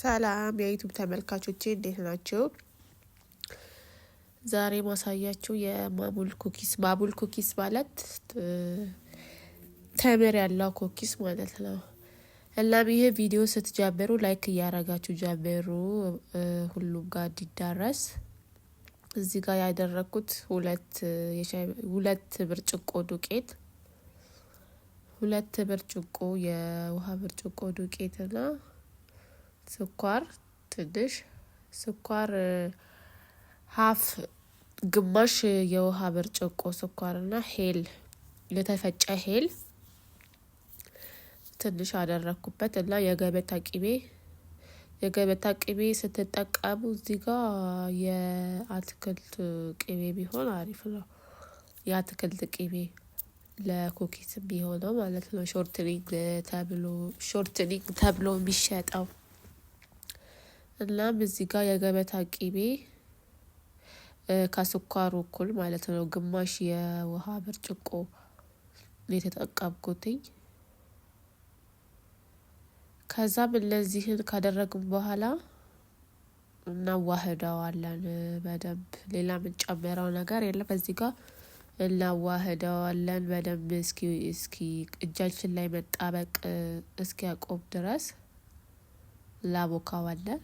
ሰላም የዩቱብ ተመልካቾቼ እንዴት ናቸው? ዛሬ ማሳያችሁ የማቡል ኩኪስ። ማቡል ኩኪስ ማለት ተምር ያለው ኩኪስ ማለት ነው። እናም ይህ ቪዲዮ ስትጀምሩ ላይክ እያረጋችሁ ጀምሩ፣ ሁሉም ጋር እንዲዳረስ። እዚህ ጋር ያደረግኩት ሁለት ብርጭቆ ዱቄት ሁለት ብርጭቆ የውሃ ብርጭቆ ዱቄትና ስኳር ትንሽ ስኳር ሀፍ ግማሽ የውሃ ብርጭቆ ስኳርና ሄል የተፈጨ ሄል ትንሽ አደረግኩበት እና የገበታ ቂቤ የገበታ ቅቤ ስትጠቀሙ እዚህ ጋ የአትክልት ቅቤ ቢሆን አሪፍ ነው። የአትክልት ቅቤ ለኩኪስ ቢሆነው ማለት ነው። ሾርትኒንግ ተብሎ ሾርትኒንግ ተብሎ የሚሸጠው እናም እዚህ ጋር የገበታ ቂቤ ከስኳሩ እኩል ማለት ነው ግማሽ የውሃ ብርጭቆ የተጠቀምኩትኝ። ከዛም እነዚህን ካደረግም በኋላ እናዋህደዋለን በደንብ ሌላ የምንጨምረው ነገር የለም። እዚህ ጋር እናዋህደዋለን በደንብ እስኪ እስኪ እጃችን ላይ መጣበቅ እስኪያቆም ድረስ ላቦካዋለን።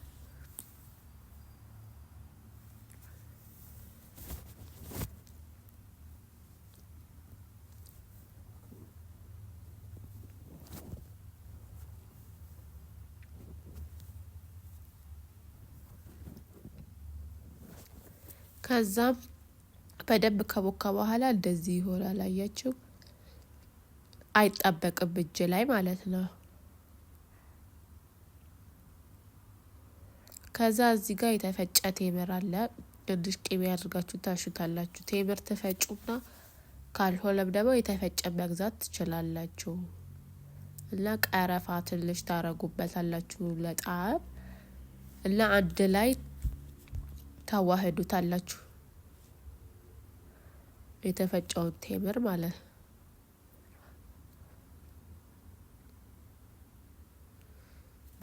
ከዛም በደንብ ከቦካ በኋላ እንደዚህ ይሆናል። አያችሁ፣ አይጣበቅም እጅ ላይ ማለት ነው። ከዛ እዚህ ጋር የተፈጨ ቴምር አለ። ትንሽ ቅቤ አድርጋችሁ ታሹታላችሁ። ቴምር ትፈጩና ካልሆነም ደግሞ የተፈጨ መግዛት ትችላላችሁ። እና ቀረፋ ትንሽ ታረጉበታላችሁ ለጣዕም እና አንድ ላይ ታዋህዱታላችሁ። የተፈጨውን ቴምር ማለት ነው።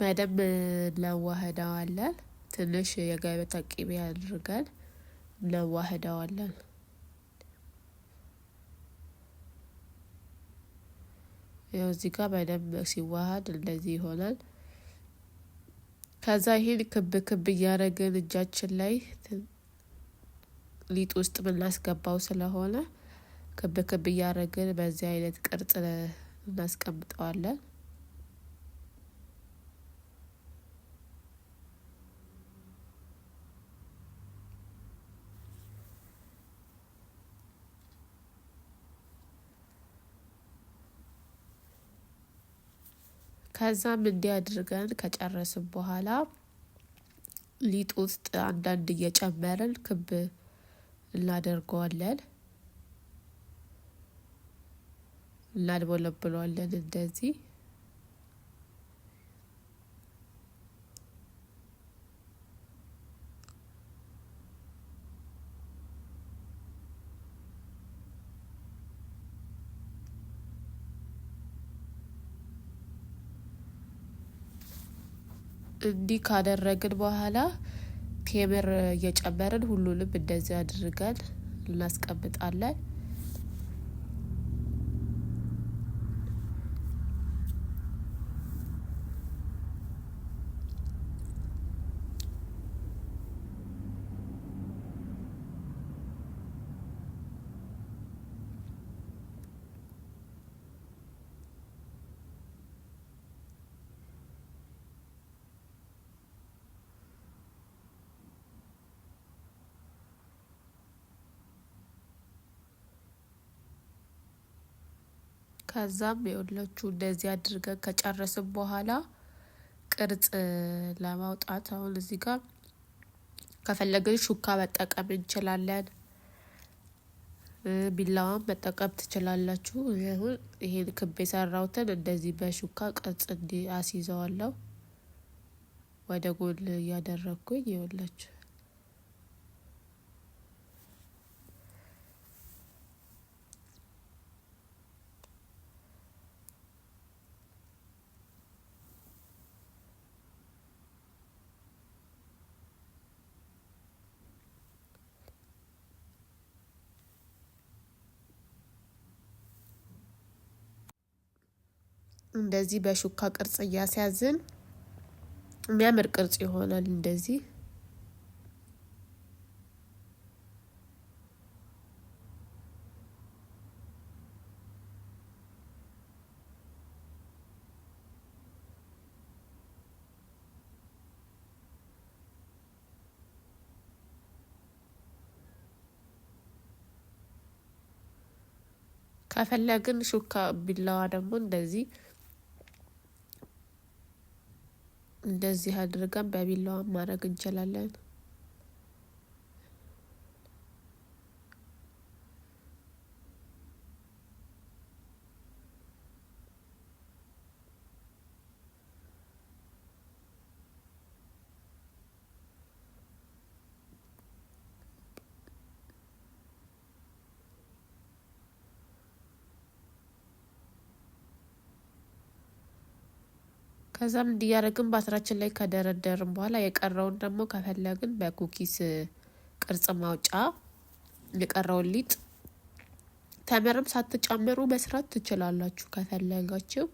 በደንብ እናዋህደዋለን። ትንሽ የገበታ ቅቤ አድርገን እናዋህደዋለን። ያው እዚህ ጋር በደንብ ሲዋሃድ እንደዚህ ይሆናል። ከዛ ይሄን ክብ ክብ እያደረግን እጃችን ላይ ሊጥ ውስጥ የምናስገባው ስለሆነ ክብ ክብ እያደረግን በዚህ አይነት ቅርጽ እናስቀምጠዋለን። ከዛም እንዲህ አድርገን ከጨረስን በኋላ ሊጥ ውስጥ አንዳንድ እየጨመርን ክብ እናደርገዋለን፣ እናድበለብለዋለን እንደዚህ እንዲህ ካደረግን በኋላ ቴምር እየጨመርን ሁሉንም እንደዚህ አድርገን እናስቀምጣለን። ከዛም የወለቹ እንደዚህ አድርገን ከጨረስን በኋላ ቅርጽ ለማውጣት አሁን እዚህ ጋር ከፈለግን ሹካ መጠቀም እንችላለን። ቢላዋን መጠቀም ትችላላችሁ። ይሁን ይሄን ክብ የሰራውትን እንደዚህ በሹካ ቅርጽ እንዲ አስይዘዋለሁ ወደ ጎን እያደረግኩኝ ይኸውላችሁ እንደዚህ በሹካ ቅርጽ እያስያዝን የሚያምር ቅርጽ ይሆናል። እንደዚህ ከፈለግን ሹካ ቢላዋ ደግሞ እንደዚህ እንደዚህ አድርገን በቢላዋ ማድረግ እንችላለን። ከዛም እንዲያደረግን በአስራችን ላይ ከደረደርን በኋላ የቀረውን ደግሞ ከፈለግን በኩኪስ ቅርጽ ማውጫ የቀረውን ሊጥ ተምርም ሳትጨምሩ መስራት ትችላላችሁ ከፈለጋችሁ።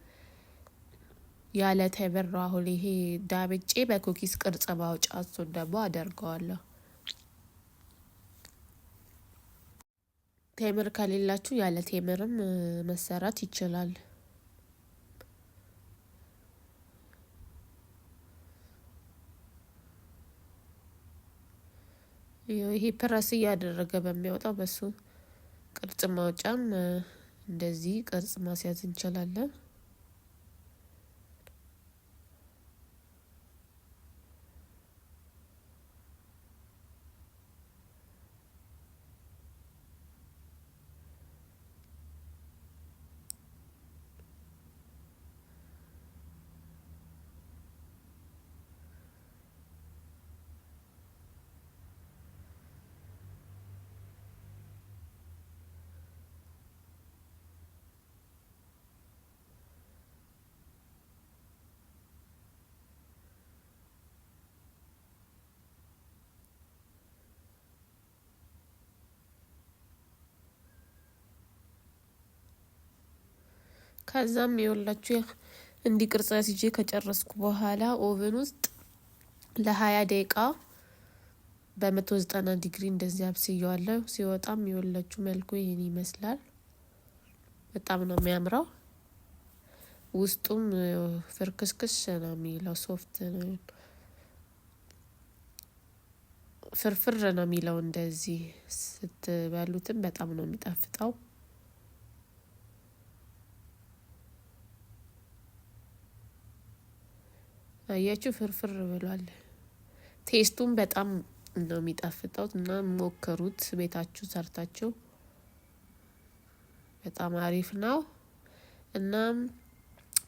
ያለ ተምር አሁን ይሄ ዳብጬ በኩኪስ ቅርጽ ማውጫ እሱን ደግሞ አደርገዋለሁ። ቴምር ከሌላችሁ ያለ ቴምርም መሰራት ይችላል። ይሄ ፕረስ እያደረገ በሚያወጣው በሱ ቅርጽ ማውጫም እንደዚህ ቅርጽ ማስያዝ እንችላለን። ከዛም የወላችሁ እንዲህ ቅርጽ ያስይዤ ከጨረስኩ በኋላ ኦቨን ውስጥ ለሀያ ደቂቃ በመቶ ዘጠና ዲግሪ እንደዚህ አብስየዋለሁ። ሲወጣም የወላችሁ መልኩ ይህን ይመስላል። በጣም ነው የሚያምረው። ውስጡም ፍርክስክስ ነው የሚለው ሶፍት ፍርፍር ነው የሚለው። እንደዚህ ስትበሉትም በጣም ነው የሚጣፍጠው። አያችሁ ፍርፍር ብሏል። ቴስቱም በጣም ነው የሚጣፍጠው እና ሞከሩት ቤታችሁ ሰርታችሁ በጣም አሪፍ ነው። እናም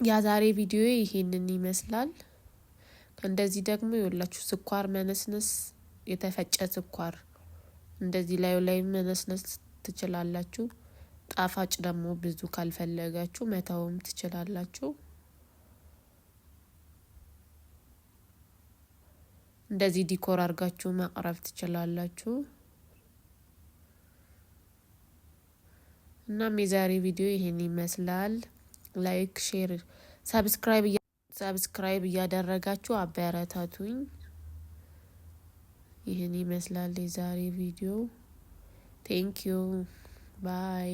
የዛሬ ቪዲዮ ይሄንን ይመስላል። እንደዚህ ደግሞ የወላችሁ ስኳር መነስነስ የተፈጨ ስኳር እንደዚህ ላዩ ላይ መነስነስ ትችላላችሁ። ጣፋጭ ደግሞ ብዙ ካልፈለጋችሁ መተውም ትችላላችሁ። እንደዚህ ዲኮር አድርጋችሁ ማቅረብ ትችላላችሁ። እናም የዛሬ ቪዲዮ ይሄን ይመስላል። ላይክ፣ ሼር፣ ሰብስክራይብ ሰብስክራይብ እያደረጋችሁ አበረታቱኝ። ይህን ይመስላል የዛሬ ቪዲዮ። ቴንክ ዩ ባይ